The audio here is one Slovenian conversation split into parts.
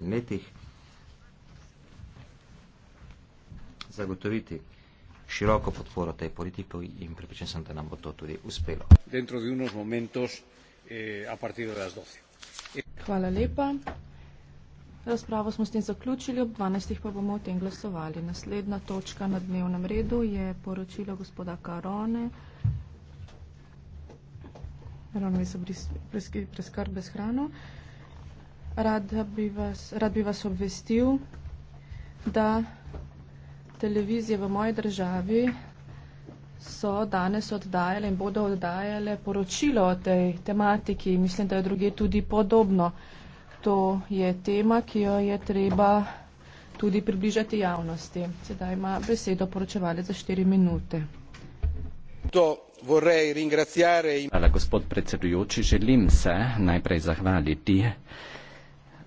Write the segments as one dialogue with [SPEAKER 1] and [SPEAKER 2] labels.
[SPEAKER 1] letih zagotoviti široko podporo tej politiki in pripričan sem, da nam bo to tudi uspelo. Eh,
[SPEAKER 2] Hvala lepa. Razpravo smo s tem zaključili, ob 12. pa bomo o tem glasovali. Naslednja točka na dnevnem redu je poročilo gospoda Karone. Ravno mi so preskrbe s hrano rad bi vas, rad bi vas obvestil, da televizije v moji državi so danes oddajale in bodo oddajale poročilo o tej tematiki. Mislim, da je druge tudi podobno. To je tema, ki jo je treba tudi približati javnosti. Sedaj ima besedo poročevalec za štiri minute.
[SPEAKER 1] To vorej ringraciare. In... Hvala, gospod predsedujoči. Želim se najprej zahvaliti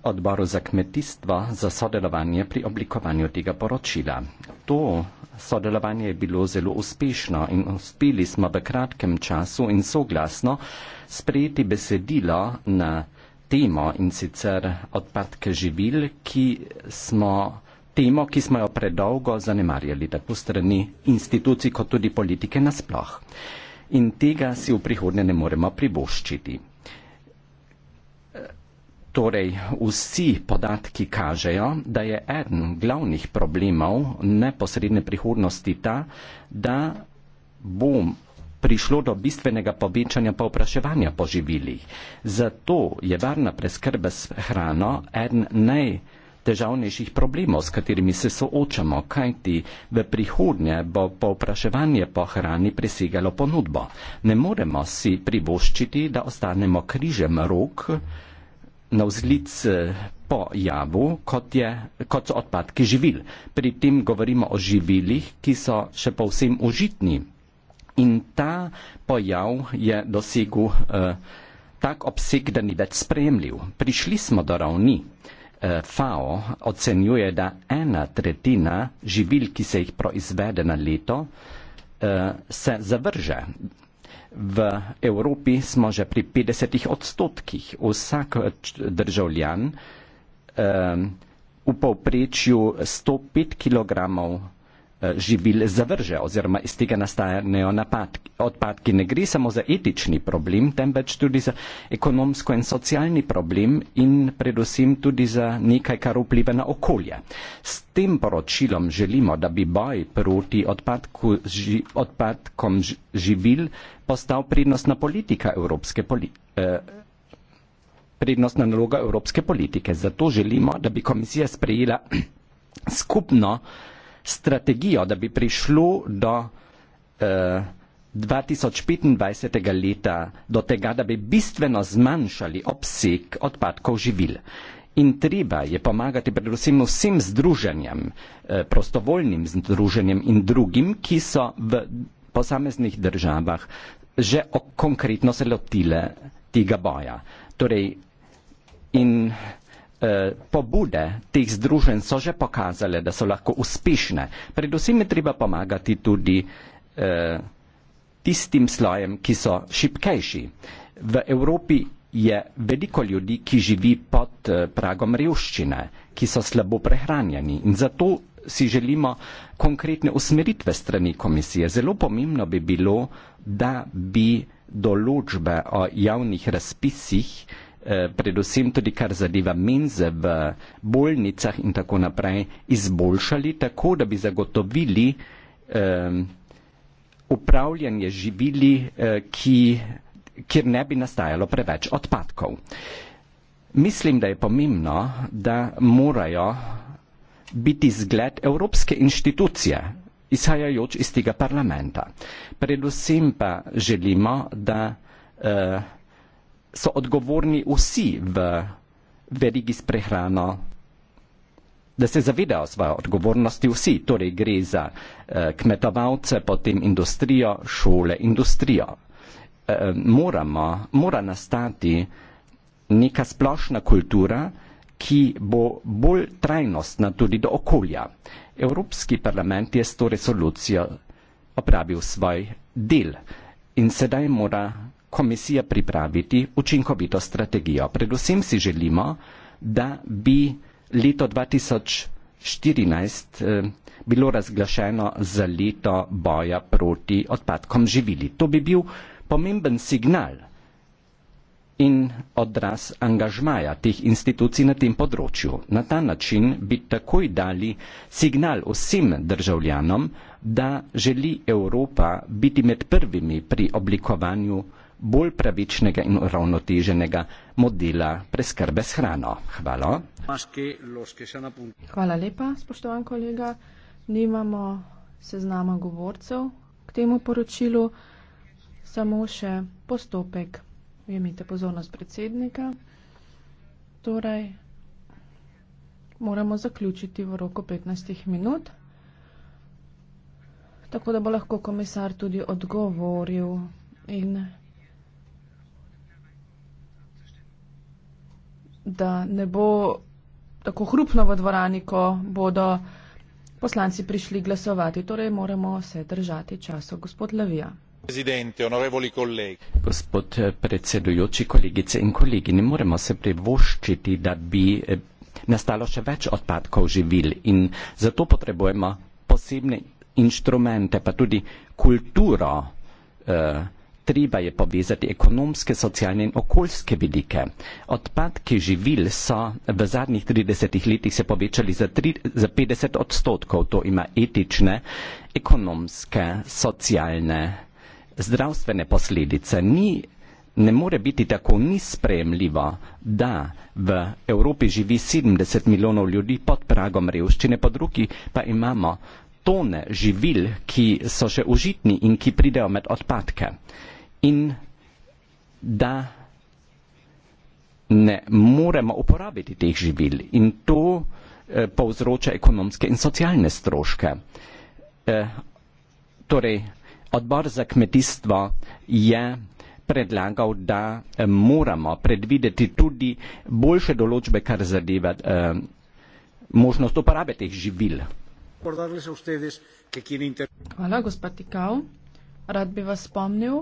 [SPEAKER 1] odboru za kmetijstvo za sodelovanje pri oblikovanju tega poročila. To sodelovanje je bilo zelo uspešno in uspeli smo v kratkem času in soglasno sprejeti besedilo na temo in sicer odpadke živil, ki smo temo, ki smo jo predolgo zanemarjali, tako strani institucij kot tudi politike nasploh. In tega si v prihodnje ne moremo privoščiti. Torej, vsi podatki kažejo, da je eden glavnih problemov neposredne prihodnosti ta, da bo prišlo do bistvenega povečanja povpraševanja po živilih. Zato je varna preskrba s hrano eden naj težavnejših problemov, s katerimi se soočamo, kajti v prihodnje bo povpraševanje po hrani presegalo ponudbo. Ne moremo si privoščiti, da ostanemo križem rok, navzlic eh, po jabu, kot, je, kot so odpadki živil. Pri tem govorimo o živilih, ki so še povsem užitni. In ta pojav je dosegel uh, tak obseg, da ni več spremljiv. Prišli smo do ravni. Uh, FAO ocenjuje, da ena tretjina živil, ki se jih proizvede na leto, uh, se zavrže v Evropi smo že pri 50 odstotkih. Vsak eh, državljan eh, v povprečju 105 kg eh, živil zavrže oziroma iz tega nastajajo odpadki. Ne gre samo za etični problem, temveč tudi za ekonomsko in socialni problem in predvsem tudi za nekaj, kar vpliva na okolje. S tem poročilom želimo, da bi boj proti odpadku, ži, odpadkom živil ži, postal prednostna politika evropske politike. Eh, prednostna naloga evropske politike. Zato želimo, da bi komisija sprejela skupno strategijo, da bi prišlo do eh, 2025. leta, do tega, da bi bistveno zmanjšali obseg odpadkov živil. In treba je pomagati predvsem vsem združenjem, eh, prostovoljnim združenjem in drugim, ki so v posameznih državah že o konkretno se lotile tega boja. Torej, in eh, pobude teh združen so že pokazale, da so lahko uspešne. Predvsem je treba pomagati tudi eh, tistim slojem, ki so šipkejši. V Evropi je veliko ljudi, ki živi pod eh, pragom revščine, ki so slabo prehranjeni in zato si želimo konkretne usmeritve strani komisije. Zelo pomembno bi bilo, da bi določbe o javnih razpisih, eh, predvsem tudi kar zadeva menze v bolnicah in tako naprej, izboljšali tako, da bi zagotovili ehm, upravljanje živili, eh, ki, kjer ne bi nastajalo preveč odpadkov. Mislim, da je pomembno, da morajo biti zgled evropske inštitucije, izhajajoč iz tega parlamenta. Predvsem pa želimo, da eh, so odgovorni vsi v verigi s prehrano, da se zavedajo svoje odgovornosti vsi, torej gre za eh, kmetovalce, potem industrijo, šole, industrijo. Eh, moramo, mora nastati neka splošna kultura, ki bo bolj trajnostna tudi do okolja. Evropski parlament je s to resolucijo opravil svoj del in sedaj mora komisija pripraviti učinkovito strategijo. Predvsem si želimo, da bi leto 2014 eh, bilo razglašeno za leto boja proti odpadkom živili. To bi bil pomemben signal in odraz angažmaja teh institucij na tem področju. Na ta način bi takoj dali signal vsem državljanom, da želi Evropa biti med prvimi pri oblikovanju bolj pravičnega in uravnoteženega modela preskrbe s hrano. Hvala.
[SPEAKER 2] Hvala lepa, spoštovan kolega. Nimamo seznama govorcev k temu poročilu, samo še postopek imite pozornost predsednika. Torej, moramo zaključiti v roku 15 minut, tako da bo lahko komisar tudi odgovoril in da ne bo tako hrupno v dvorani, ko bodo poslanci prišli glasovati. Torej, moramo se držati časov. Gospod Levija
[SPEAKER 1] gospod eh, predsedujoči, kolegice in kolegi, ne moremo se privoščiti, da bi eh, nastalo še več odpadkov živil in zato potrebujemo posebne inštrumente, pa tudi kulturo. Eh, treba je povezati ekonomske, socialne in okoljske vidike. Odpadki živil so v zadnjih 30 letih se povečali za, 3, za 50 odstotkov. To ima etične, ekonomske, socialne zdravstvene posledice ni, ne more biti tako nisprejemljivo, da v Evropi živi 70 milijonov ljudi pod pragom revščine, po drugi pa imamo tone živil, ki so še užitni in ki pridejo med odpadke. In da ne moremo uporabiti teh živil in to eh, povzroča ekonomske in socialne stroške. Eh, torej, Odbor za kmetijstvo je predlagal, da eh, moramo predvideti tudi boljše določbe, kar zadeva eh, možnost uporabe teh živil. Hvala,
[SPEAKER 2] gospod Tikal. Rad bi vas spomnil,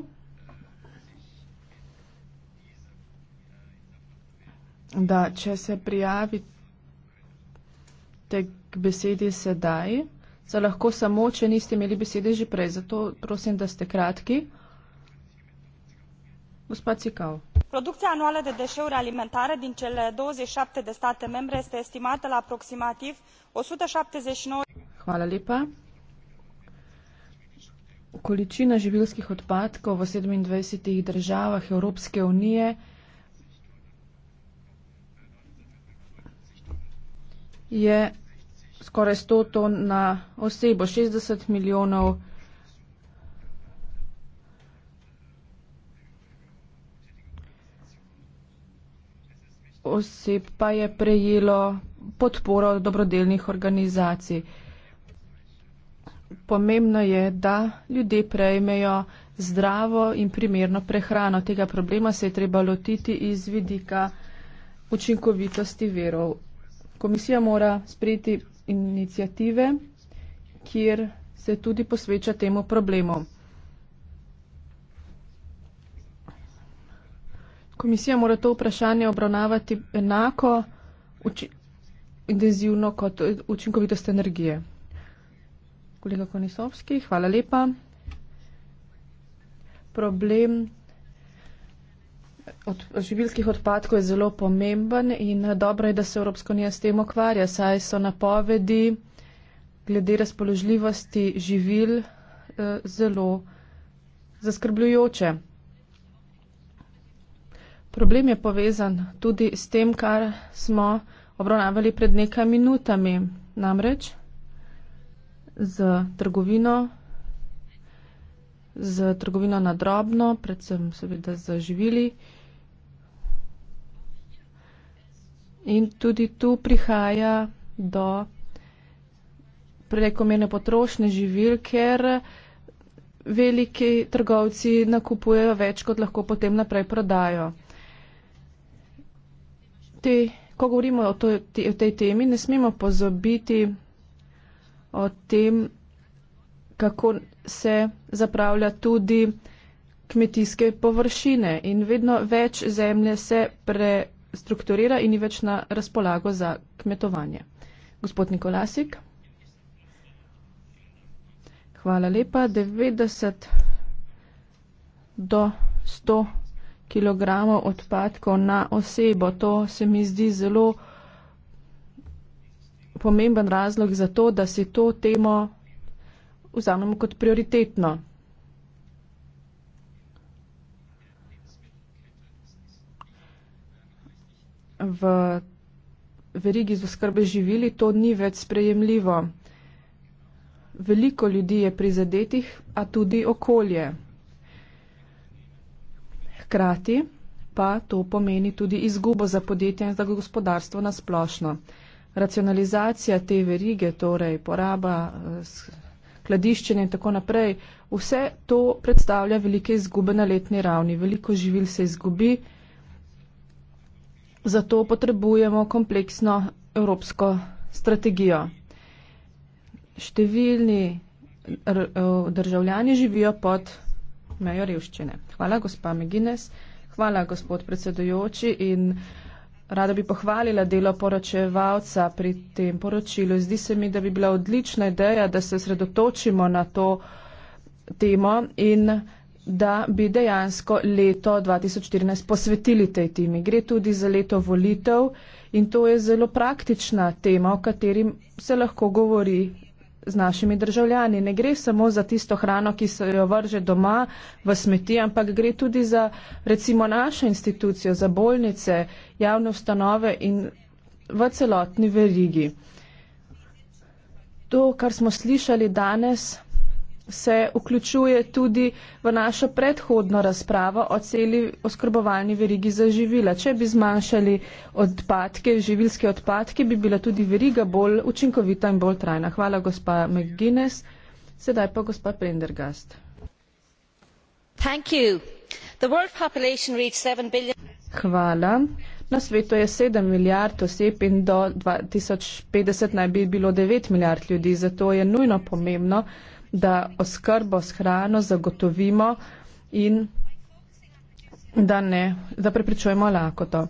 [SPEAKER 2] da če se prijavite k besedi sedaj, za lahko samo, če niste imeli besede že prej. Zato prosim, da ste kratki. Gospod Cikav. Producția anuală de deșeuri alimentare din cele 27 de state membre este estimată la aproximativ 179... Hvala lepa. Količina živilskih odpadkov v 27 državah Evropske unije je skoraj 100 ton na osebo, 60 milijonov. Oseb pa je prejelo podporo dobrodelnih organizacij. Pomembno je, da ljudje prejmejo zdravo in primerno prehrano. Tega problema se je treba lotiti iz vidika učinkovitosti verov. Komisija mora sprejeti inicijative, kjer se tudi posveča temu problemu. Komisija mora to vprašanje obravnavati enako intenzivno kot učinkovitost energije. Kolega Konisovski, hvala lepa. Problem od, živilskih odpadkov je zelo pomemben in dobro je, da se Evropska unija s tem okvarja, saj so napovedi glede razpoložljivosti živil eh, zelo zaskrbljujoče. Problem je povezan tudi s tem, kar smo obravnavali pred nekaj minutami, namreč z trgovino z trgovino na drobno, predvsem seveda z živili. In tudi tu prihaja do prekomene potrošne živil, ker veliki trgovci nakupujejo več, kot lahko potem naprej prodajo. Te, ko govorimo o, to, te, o tej temi, ne smemo pozabiti o tem, kako se zapravlja tudi kmetijske površine in vedno več zemlje se prestrukturira in ni več na razpolago za kmetovanje. Gospod Nikolasik. Hvala lepa. 90 do 100 kg odpadkov na osebo. To se mi zdi zelo pomemben razlog za to, da si to temo vzamemo kot prioritetno. V verigi z oskrbe živili to ni več sprejemljivo. Veliko ljudi je prizadetih, a tudi okolje. Hkrati pa to pomeni tudi izgubo za podjetje in za gospodarstvo na splošno. Racionalizacija te verige, torej poraba eh, skladiščenje in tako naprej, vse to predstavlja velike izgube na letni ravni. Veliko živil se izgubi, zato potrebujemo kompleksno evropsko strategijo. Številni državljani živijo pod mejo revščine. Hvala, gospa Megines, hvala, gospod predsedujoči in. Rada bi pohvalila delo poročevalca pri tem poročilu. Zdi se mi, da bi bila odlična ideja, da se sredotočimo na to temo in da bi dejansko leto 2014 posvetili tej temi. Gre tudi za leto volitev in to je zelo praktična tema, o katerim se lahko govori z našimi državljani. Ne gre samo za tisto hrano, ki se jo vrže doma v smeti, ampak gre tudi za recimo našo institucijo, za bolnice, javne ustanove in v celotni verigi. To, kar smo slišali danes, se vključuje tudi v našo predhodno razpravo o celi oskrbovalni verigi za živila. Če bi zmanjšali odpadke, živilske odpadke, bi bila tudi veriga bolj učinkovita in bolj trajna. Hvala, gospa McGuinness. Sedaj pa gospa Prendergast. Hvala. Na svetu je 7 milijard oseb in do 2050 naj bi bilo 9 milijard ljudi, zato je nujno pomembno, da oskrbo s hrano zagotovimo in da, ne, da preprečujemo lakoto.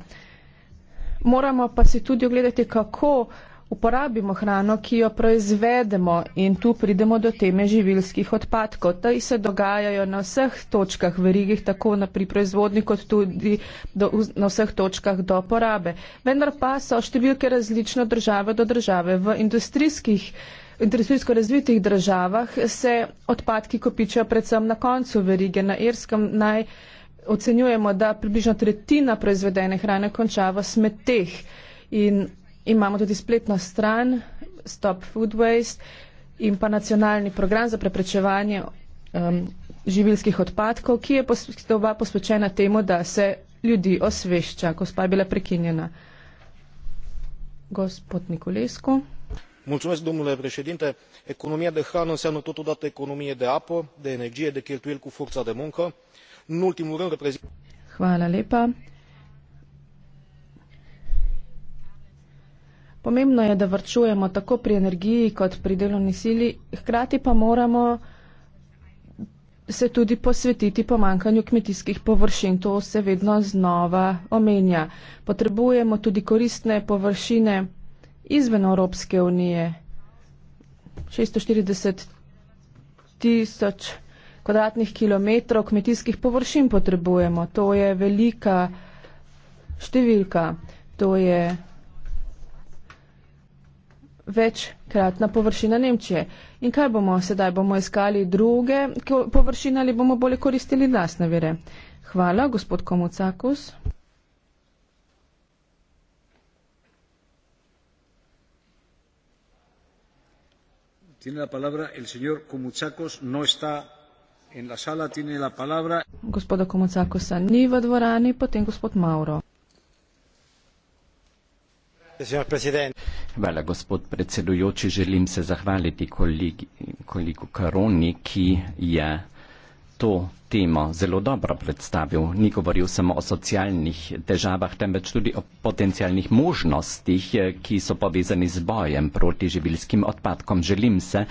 [SPEAKER 2] Moramo pa si tudi ogledati, kako uporabimo hrano, ki jo proizvedemo in tu pridemo do teme živilskih odpadkov. Ti se dogajajo na vseh točkah verigih, tako na pri proizvodni, kot tudi do, na vseh točkah do porabe. Vendar pa so številke različne države do države. V industrijskih uh, industrijsko razvitih državah se odpadki kopičajo predvsem na koncu verige. Na Irskem naj ocenjujemo, da približno tretjina proizvedene hrane konča v smeteh. In imamo tudi spletno stran Stop Food Waste in pa nacionalni program za preprečevanje um, živilskih odpadkov, ki je posvetova posvečena temu, da se ljudi osvešča, ko spa je bila prekinjena. Gospod Nikolesko
[SPEAKER 1] economia de hrană înseamnă totodată economie de apă de energie de cheltuieli cu fora de muncă nu în ultimul rând
[SPEAKER 2] reprezintă Pomembno je, da vrčujemo tako pri energiji kot pri delovni sili, hkrati pa moramo se tudi posvetiti pomankanju kmetijskih površin. To se vedno znova omenja. Potrebujemo tudi koristne površine izven Evropske unije. 640 tisoč kvadratnih kilometrov kmetijskih površin potrebujemo. To je velika številka. To je večkratna površina Nemčije. In kaj bomo sedaj? Bomo iskali druge površine ali bomo bolje koristili lasne vire? Hvala, gospod Komucakus. No Gospoda Komucakosa ni v dvorani, potem gospod Mauro.
[SPEAKER 1] Hvala, gospod predsedujoči. Želim se zahvaliti kolegu Karoni, ki je to temo zelo dobro predstavil. Ni govoril samo o socialnih težavah, temveč tudi o potencialnih možnostih, eh, ki so povezani z bojem proti živilskim odpadkom. Želim se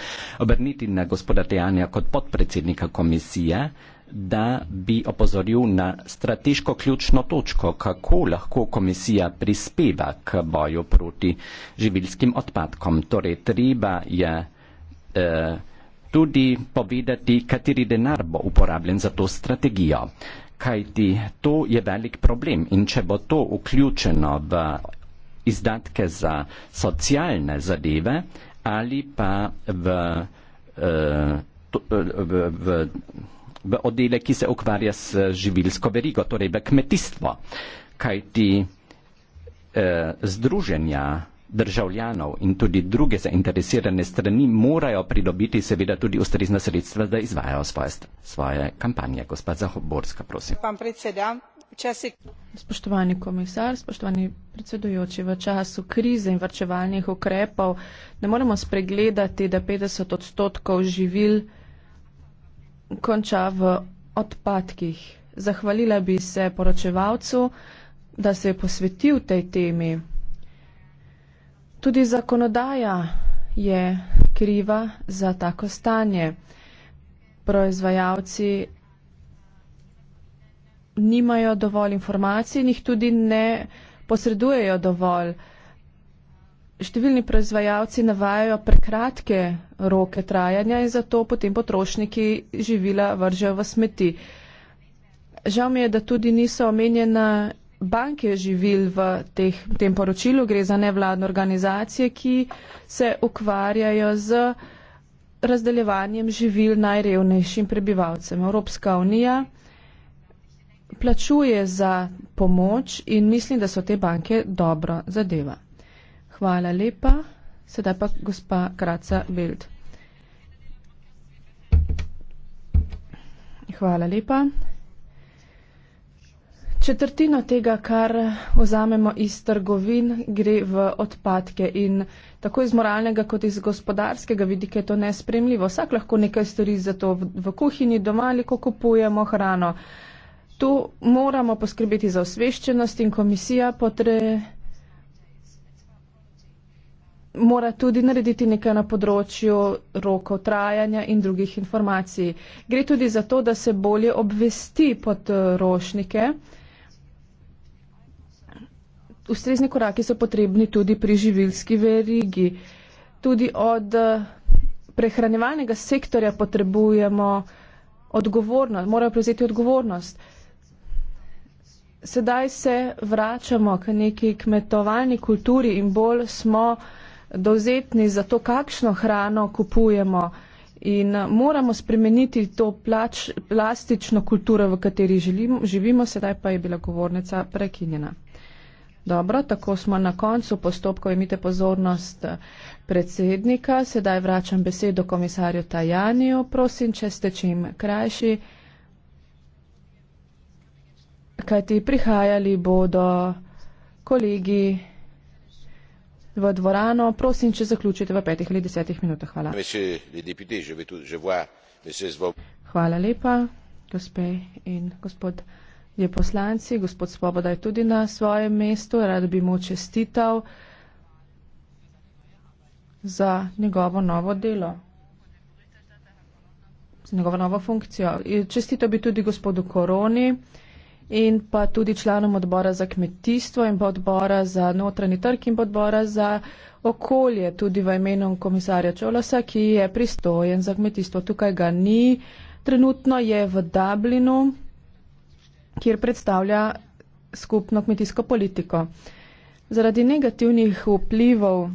[SPEAKER 1] obrniti na gospoda Tejanja kot podpredsednika komisije da bi opozoril na strateško ključno točko, kako lahko komisija prispeva k boju proti živilskim odpadkom. Torej, treba je eh, tudi povedati, kateri denar bo uporabljen za to strategijo. Kaj ti to je velik problem in če bo to vključeno v izdatke za socialne zadeve ali pa v, eh, eh, v, v, v odele, ki se ukvarja s živilsko verigo, torej v kmetijstvo. Kaj ti eh, združenja državljanov in tudi druge zainteresirane strani morajo pridobiti seveda tudi ustrezna sredstva, da izvajajo svoje, svoje kampanje. Gospod Zahoborska, prosim.
[SPEAKER 2] Spoštovani komisar, spoštovani predsedujoči, v času krize in vrčevalnih ukrepov ne moremo spregledati, da 50 odstotkov živil konča v odpadkih. Zahvalila bi se poročevalcu, da se je posvetil tej temi. Tudi zakonodaja je kriva za tako stanje. Proizvajalci nimajo dovolj informacij in jih tudi ne posredujejo dovolj. Številni proizvajalci navajajo prekratke roke trajanja in zato potem potrošniki živila vržejo v smeti. Žal mi je, da tudi niso omenjena banke živil v teh, tem poročilu, gre za nevladne organizacije, ki se ukvarjajo z razdeljevanjem živil najrevnejšim prebivalcem. Evropska unija plačuje za pomoč in mislim, da so te banke dobro zadeva. Hvala lepa. Sedaj pa gospa Kraca Bild. Hvala lepa četrtino tega, kar vzamemo iz trgovin, gre v odpadke in tako iz moralnega kot iz gospodarskega vidika je to nespremljivo. Vsak lahko nekaj stori za to v, v kuhinji, doma ali ko kupujemo hrano. Tu moramo poskrbeti za osveščenost in komisija potrebuje. Mora tudi narediti nekaj na področju rokov trajanja in drugih informacij. Gre tudi za to, da se bolje obvesti potrošnike. Eh, uh, ustrezni koraki so potrebni tudi pri živilski verigi. Tudi od eh, prehranjevalnega sektorja potrebujemo odgovornost, morajo prevzeti odgovornost. Sedaj se vračamo k neki kmetovalni kulturi in bolj smo dovzetni za to, kakšno hrano kupujemo in eh, moramo spremeniti to plač, plastično kulturo, v kateri želimo, živimo, sedaj pa je bila govornica prekinjena. Dobro, tako smo na koncu postopkov. Imite pozornost eh, predsednika. Sedaj vračam besedo komisarju Tajaniju. Prosim, če ste čim krajši. Kaj ti prihajali bodo kolegi v dvorano? Prosim, če zaključite v petih ali desetih minutah. Hvala. Hvala lepa, gospe in gospod je poslanci, gospod Svoboda je tudi na svojem mestu, rad bi mu čestital za njegovo novo delo, za njegovo novo funkcijo. Čestito bi tudi gospodu Koroni in pa tudi članom odbora za kmetijstvo in pa odbora za notranji trg in pa odbora za okolje, tudi v imenu komisarja Čolosa, ki je pristojen za kmetijstvo. Tukaj ga ni, trenutno je v Dublinu kjer predstavlja skupno kmetijsko politiko. Zaradi negativnih vplivov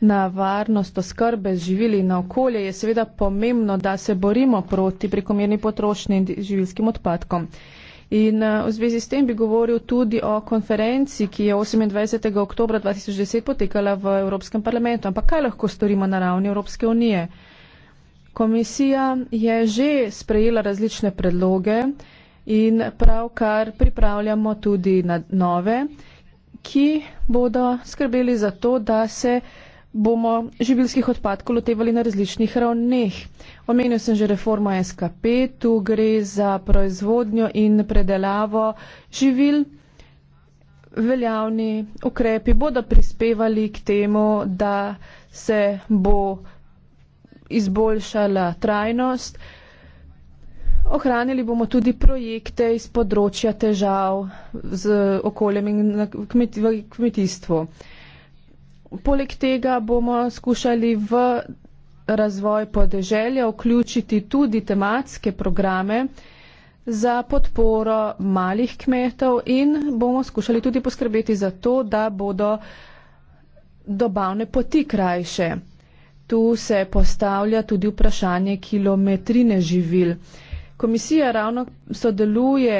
[SPEAKER 2] na varnost oskrbe z živili na okolje je seveda pomembno, da se borimo proti prekomerni potrošnji in živilskim odpadkom. In eh, v zvezi s tem bi govoril tudi o konferenci, ki je 28. oktober 2010 potekala v Evropskem parlamentu. Ampak kaj lahko storimo na ravni Evropske unije? Komisija je že sprejela različne predloge in pravkar pripravljamo tudi nove, ki bodo skrbeli za to, da se bomo živilskih odpadkov lotevali na različnih ravneh. Omenil sem že reformo SKP, tu gre za proizvodnjo in predelavo živil. Veljavni ukrepi bodo prispevali k temu, da se bo izboljšala trajnost. Ohranili bomo tudi projekte iz področja težav z okoljem in kmet, v kmetijstvu. Poleg tega bomo skušali v razvoj podeželja vključiti tudi tematske programe za podporo malih kmetov in bomo skušali tudi poskrbeti za to, da bodo dobavne poti krajše tu se postavlja tudi vprašanje kilometrine živil. Komisija ravno sodeluje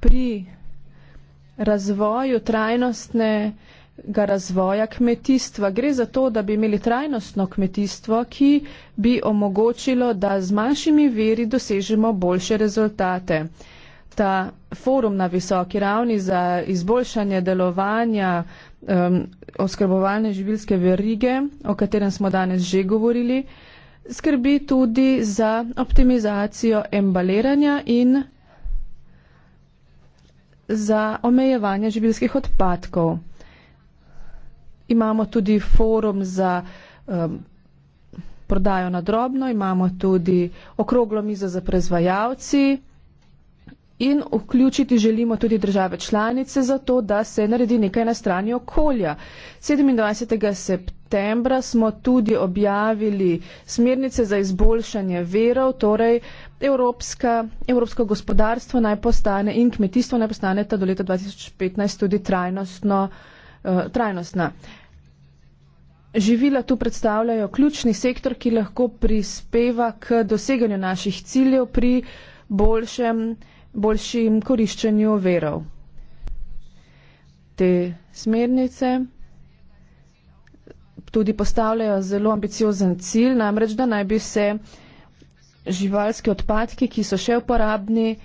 [SPEAKER 2] pri razvoju trajnostnega razvoja kmetijstva. Gre za to, da bi imeli trajnostno kmetijstvo, ki bi omogočilo, da z manjšimi veri dosežemo boljše rezultate. Ta forum na visoki ravni za izboljšanje delovanja um, oskrbovalne živilske verige, o katerem smo danes že govorili, skrbi tudi za optimizacijo embaliranja in za omejevanje živilskih odpadkov. Imamo tudi forum za um, prodajo na drobno, imamo tudi okroglo mizo za proizvajalci in vključiti želimo tudi države članice za to, da se naredi nekaj na strani okolja. 27. septembra smo tudi objavili smernice za izboljšanje verov, torej Evropska, evropsko gospodarstvo naj postane in kmetijstvo naj postane ta do leta 2015 tudi trajnostno, uh, trajnostna. Živila tu predstavljajo ključni sektor, ki lahko prispeva k doseganju naših ciljev pri boljšem boljšim koriščenju verov. Te smernice tudi postavljajo zelo ambiciozen cilj, namreč da naj bi se živalski odpadki, ki so še uporabni,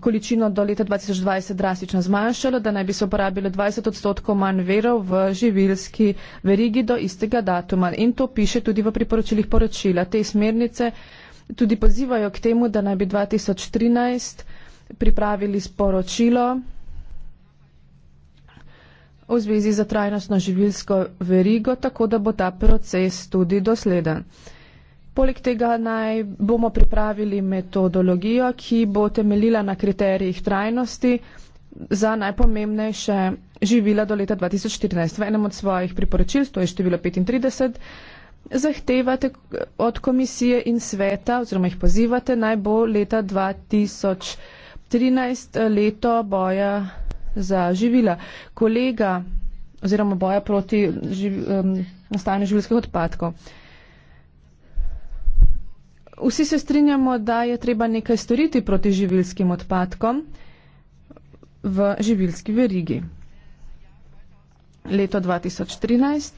[SPEAKER 2] količino do leta 2020 drastično zmanjšalo, da naj bi se uporabilo 20 odstotkov manj verov v živilski verigi do istega datuma. In to piše tudi v priporočilih poročila. Te smernice tudi pozivajo k temu, da naj bi 2013 pripravili sporočilo v zvezi za trajnostno živilsko verigo, tako da bo ta proces tudi dosleden. Poleg tega naj bomo pripravili metodologijo, ki bo temeljila na kriterijih trajnosti za najpomembnejše živila do leta 2014. V enem od svojih priporočil, to je število 35, zahtevate od komisije in sveta oziroma jih pozivate naj bo leta 2013 leto boja za živila. Kolega oziroma boja proti živ, um, nastajanju življenskih odpadkov. Vsi se strinjamo, da je treba nekaj storiti proti živilskim odpadkom v živilski verigi. Leto 2013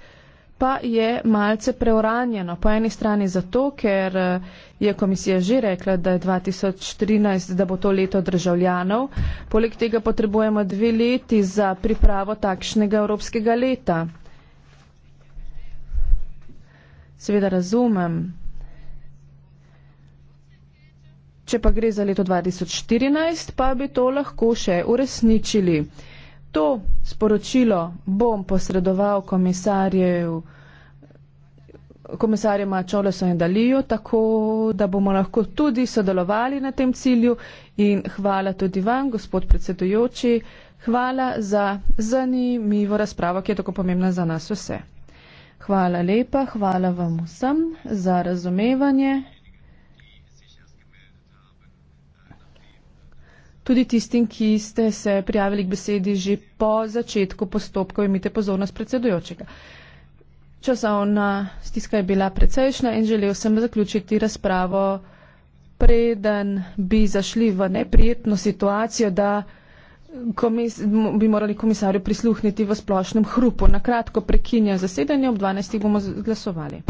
[SPEAKER 2] pa je malce preuranjeno. Po eni strani zato, ker eh, je komisija že rekla, da je 2013, da bo to leto državljanov. Poleg tega potrebujemo dve leti za pripravo takšnega evropskega leta. Seveda razumem. Če pa gre za leto 2014, pa bi to lahko še uresničili to sporočilo bom posredoval komisarjema Čoloso in Dalijo, tako da bomo lahko tudi sodelovali na tem cilju. In hvala tudi vam, gospod predsedujoči, hvala za zanimivo razpravo, ki je tako pomembna za nas vse. Hvala lepa, hvala vam vsem za razumevanje. Tudi tistim, ki ste se prijavili k besedi že po začetku postopka, imite pozornost predsedujočega. Časovna stiska je bila precejšna in želel sem zaključiti razpravo, preden bi zašli v neprijetno situacijo, da komis bi morali komisarju prisluhniti v splošnem hrupu. Na kratko prekinja zasedanje, ob 12. bomo glasovali.